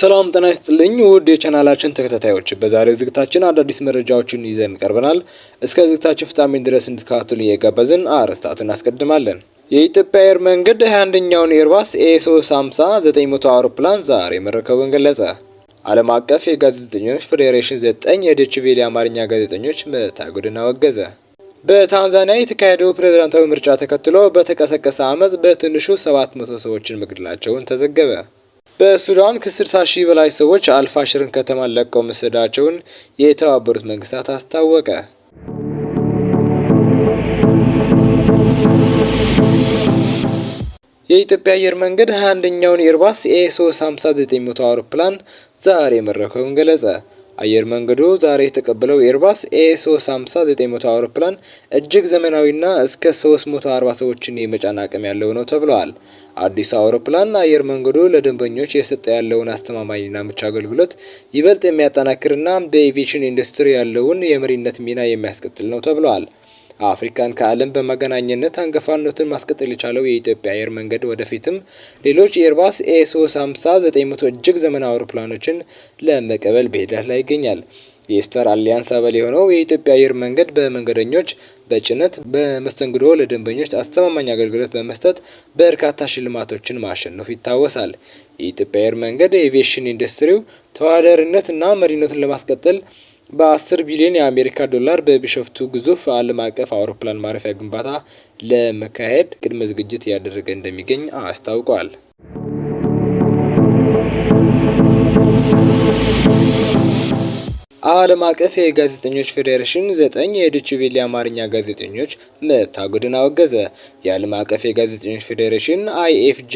ሰላም ጤና ይስጥልኝ ውድ የቻናላችን ተከታታዮች፣ በዛሬው ዝግታችን አዳዲስ መረጃዎችን ይዘን ቀርበናል። እስከ ዝግታችን ፍጻሜ ድረስ እንድትከታተሉ እየጋበዝን አርዕስታቱን እናስቀድማለን። የኢትዮጵያ አየር መንገድ 21ኛውን ኤርባስ ኤ350 900 አውሮፕላን ዛሬ መረከቡን ገለጸ። ዓለም አቀፍ የጋዜጠኞች ፌዴሬሽን 9 የዴችቪል የአማርኛ ጋዜጠኞች መታገዱን አወገዘ። በታንዛኒያ የተካሄደው ፕሬዝዳንታዊ ምርጫ ተከትሎ በተቀሰቀሰ አመፅ በትንሹ 700 ሰዎችን መግደላቸውን ተዘገበ። በሱዳን ከስልሳ ሺህ በላይ ሰዎች አልፋሽርን ከተማን ለቀው መሰዳቸውን የተባበሩት መንግስታት አስታወቀ። የኢትዮጵያ አየር መንገድ 21ኛውን ኤርባስ ኤ 359 አውሮፕላን ዛሬ መረከቡን ገለጸ። አየር መንገዱ ዛሬ የተቀበለው የኤርባስ ኤ 350 900 አውሮፕላን እጅግ ዘመናዊና እስከ 340 ሰዎችን የመጫን አቅም ያለው ነው ተብለዋል። አዲሱ አውሮፕላን አየር መንገዱ ለደንበኞች የሰጠ ያለውን አስተማማኝና ምቹ አገልግሎት ይበልጥ የሚያጠናክርና በኤቪሽን ኢንዱስትሪ ያለውን የመሪነት ሚና የሚያስቀጥል ነው ተብለዋል። አፍሪካን ከዓለም በመገናኘነት አንገፋነቱን ማስቀጠል የቻለው የኢትዮጵያ አየር መንገድ ወደፊትም ሌሎች ኤርባስ ኤ 350 900 እጅግ ዘመናዊ አውሮፕላኖችን ለመቀበል በሂደት ላይ ይገኛል። የስታር አሊያንስ አባል የሆነው የኢትዮጵያ አየር መንገድ በመንገደኞች በጭነት በመስተንግዶ ለደንበኞች አስተማማኝ አገልግሎት በመስጠት በርካታ ሽልማቶችን ማሸነፉ ይታወሳል። የኢትዮጵያ አየር መንገድ የኤቪዬሽን ኢንዱስትሪው እና መሪነቱን ለማስቀጠል በ10 ቢሊዮን የአሜሪካ ዶላር በቢሾፍቱ ግዙፍ ዓለም አቀፍ አውሮፕላን ማረፊያ ግንባታ ለመካሄድ ቅድመ ዝግጅት እያደረገ እንደሚገኝ አስታውቋል። ዓለም አቀፍ የጋዜጠኞች ፌዴሬሽን ዘጠኝ የዶይቼ ቬለ አማርኛ ጋዜጠኞች መታገዱን አወገዘ። የዓለም አቀፍ የጋዜጠኞች ፌዴሬሽን አይኤፍጄ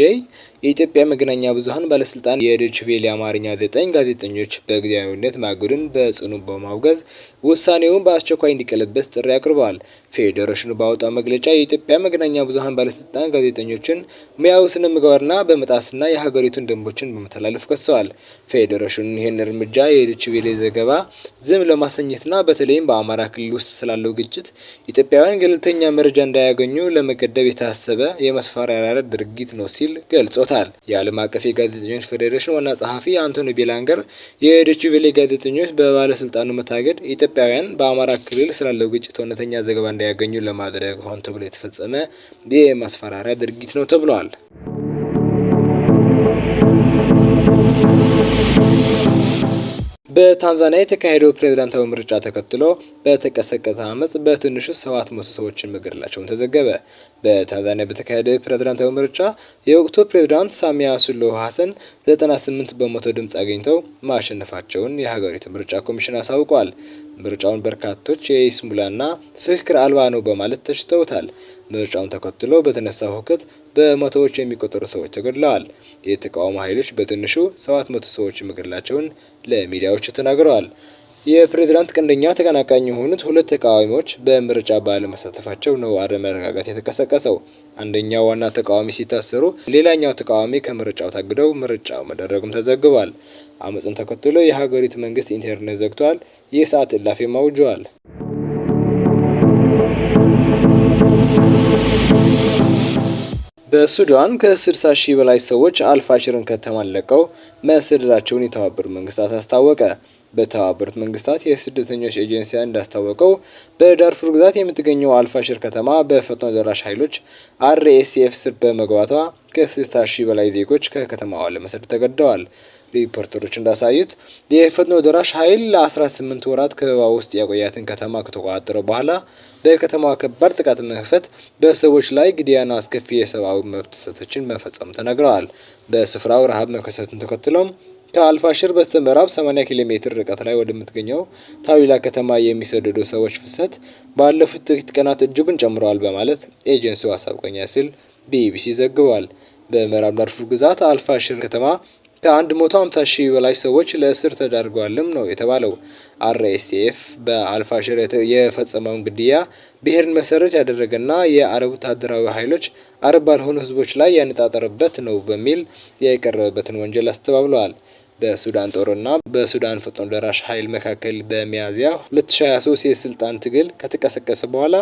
የኢትዮጵያ መገናኛ ብዙሀን ባለስልጣን የዶይቼ አማርኛ ዘጠኝ ጋዜጠኞች በጊዜያዊነት ማገዱን በጽኑ በማውገዝ ውሳኔውን በአስቸኳይ እንዲቀለበስ ጥሪ አቅርበዋል። ፌዴሬሽኑ ባወጣው መግለጫ የኢትዮጵያ መገናኛ ብዙሀን ባለስልጣን ጋዜጠኞችን ሙያዊ ስነ ምግባርና በመጣስና የሀገሪቱን ደንቦችን በመተላለፍ ከሰዋል። ፌዴሬሽኑ ይህን እርምጃ የዶችቬሌ ዘገባ ዝም ለማሰኘትና በተለይም በአማራ ክልል ውስጥ ስላለው ግጭት ኢትዮጵያውያን ገለልተኛ መረጃ እንዳያገኙ ለመገደብ የታሰበ የመስፈራሪያ ድርጊት ነው ሲል ገልጾታል። ይመለከታል። የዓለም አቀፍ የጋዜጠኞች ፌዴሬሽን ዋና ጸሐፊ አንቶኒ ቤላንገር የዶይቼ ቬለ ጋዜጠኞች በባለስልጣኑ መታገድ ኢትዮጵያውያን በአማራ ክልል ስላለው ግጭት እውነተኛ ዘገባ እንዳያገኙ ለማድረግ ሆን ተብሎ የተፈጸመ የማስፈራሪያ ድርጊት ነው ተብለዋል። በታንዛኒያ የተካሄደው ፕሬዝዳንታዊ ምርጫ ተከትሎ በተቀሰቀሰ አመፅ በትንሹ ሰባት መቶ ሰዎችን መገደላቸውን ተዘገበ። በታንዛኒያ በተካሄደ ፕሬዝዳንታዊ ምርጫ የወቅቱ ፕሬዝዳንት ሳሚያ ሱሉሁ ሀሰን 98 በመቶ ድምፅ አግኝተው ማሸነፋቸውን የሀገሪቱ ምርጫ ኮሚሽን አሳውቋል። ምርጫውን በርካቶች የይስሙላና ፍክክር አልባ ነው በማለት ተችተውታል። ምርጫውን ተከትሎ በተነሳው ሁከት በመቶዎች የሚቆጠሩ ሰዎች ተገድለዋል። የተቃውሞ ኃይሎች በትንሹ 700 ሰዎች መገደላቸውን ለሚዲያዎቹ ተናግረዋል። የፕሬዝዳንት ቀንደኛ ተቀናቃኝ የሆኑት ሁለት ተቃዋሚዎች በምርጫ ባለመሳተፋቸው ነው አለመረጋጋት የተቀሰቀሰው። አንደኛው ዋና ተቃዋሚ ሲታሰሩ፣ ሌላኛው ተቃዋሚ ከምርጫው ታግደው ምርጫው መደረጉም ተዘግቧል። አመፅን ተከትሎ የሀገሪቱ መንግስት ኢንተርኔት ዘግቷል። የሰዓት እላፊም አውጇል። በሱዳን ከ60 ሺህ በላይ ሰዎች አልፋሽርን ከተማን ለቀው መሰደዳቸውን የተባበሩት መንግስታት አስታወቀ። በተባበሩት መንግስታት የስደተኞች ኤጀንሲ እንዳስታወቀው በዳርፉር ግዛት የምትገኘው አልፋሽር ከተማ በፈጥኖ ደራሽ ኃይሎች አርኤስኤፍ ስር በመግባቷ ከስልሳ ሺህ በላይ ዜጎች ከከተማዋ ለመሰደድ ተገደዋል። ሪፖርተሮች እንዳሳዩት የፈጥኖ ደራሽ ኃይል ለ18 ወራት ከበባ ውስጥ ያቆያትን ከተማ ከተቆጣጠረ በኋላ በከተማዋ ከባድ ጥቃት መክፈት፣ በሰዎች ላይ ግድያና አስከፊ የሰብአዊ መብት ጥሰቶችን መፈጸሙ ተነግረዋል። በስፍራው ረሃብ መከሰቱን ተከትሎም ከአልፋሽር በስተ ምዕራብ 80 ኪሎ ሜትር ርቀት ላይ ወደምትገኘው ታዊላ ከተማ የሚሰደዱ ሰዎች ፍሰት ባለፉት ጥቂት ቀናት እጅጉን ጨምረዋል በማለት ኤጀንሲው አሳብቀኛ ሲል ቢቢሲ ዘግቧል። በምዕራብ ዳርፉር ግዛት አልፋሽር ከተማ ከ150 ሺህ በላይ ሰዎች ለእስር ተዳርገዋልም ነው የተባለው። አርኤስኤፍ በአልፋሽር የፈጸመውን ግድያ ብሔርን መሰረት ያደረገና የአረብ ወታደራዊ ኃይሎች አረብ ባልሆኑ ህዝቦች ላይ ያነጣጠረበት ነው በሚል የቀረበበትን ወንጀል አስተባብለዋል። በሱዳን ጦርና በሱዳን ፈጥኖ ደራሽ ኃይል መካከል በሚያዝያ 2023 የስልጣን ትግል ከተቀሰቀሰ በኋላ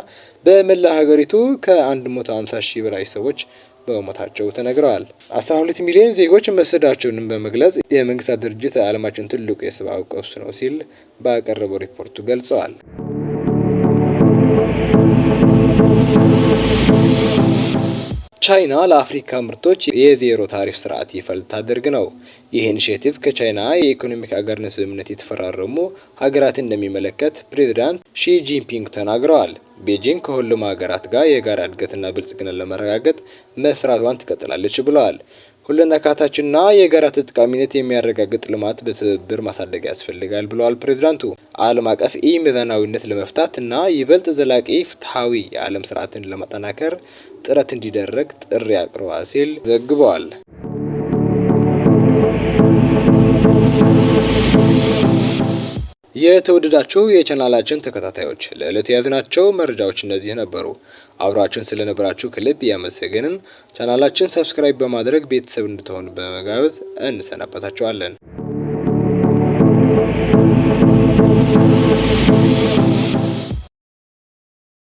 በመላ ሀገሪቱ ከ150 ሺህ በላይ ሰዎች በመሞታቸው ተነግረዋል። 12 ሚሊዮን ዜጎች መሰዳቸውንም በመግለጽ የመንግስታት ድርጅት ዓለማችን ትልቁ የሰብአዊ ቀውስ ነው ሲል ባቀረበው ሪፖርቱ ገልጸዋል። ቻይና ለአፍሪካ ምርቶች የዜሮ ታሪፍ ስርዓት ይፋ ልታደርግ ነው። ይህ ኢኒሽቲቭ ከቻይና የኢኮኖሚክ አጋርነት ስምምነት የተፈራረሙ ሀገራት እንደሚመለከት ፕሬዚዳንት ሺጂንፒንግ ተናግረዋል። ቤጂንግ ከሁሉም ሀገራት ጋር የጋራ እድገትና ብልጽግና ለመረጋገጥ መስራቷን ትቀጥላለች ብለዋል። ሁሉን አካታችና የጋራ ተጠቃሚነት የሚያረጋግጥ ልማት በትብብር ማሳደግ ያስፈልጋል ብለዋል ፕሬዚዳንቱ። ዓለም አቀፍ ኢ ሚዛናዊነት ለመፍታት እና ይበልጥ ዘላቂ ፍትሐዊ የዓለም ስርዓትን ለማጠናከር ጥረት እንዲደረግ ጥሪ አቅርበዋል ሲል ዘግበዋል። የተወደዳችሁ የቻናላችን ተከታታዮች ለዕለት የያዝናቸው መረጃዎች እነዚህ ነበሩ። አብራችን ስለነበራችሁ ክልብ እያመሰገንን ቻናላችን ሰብስክራይብ በማድረግ ቤተሰብ እንድትሆኑ በመጋበዝ እንሰናበታችኋለን።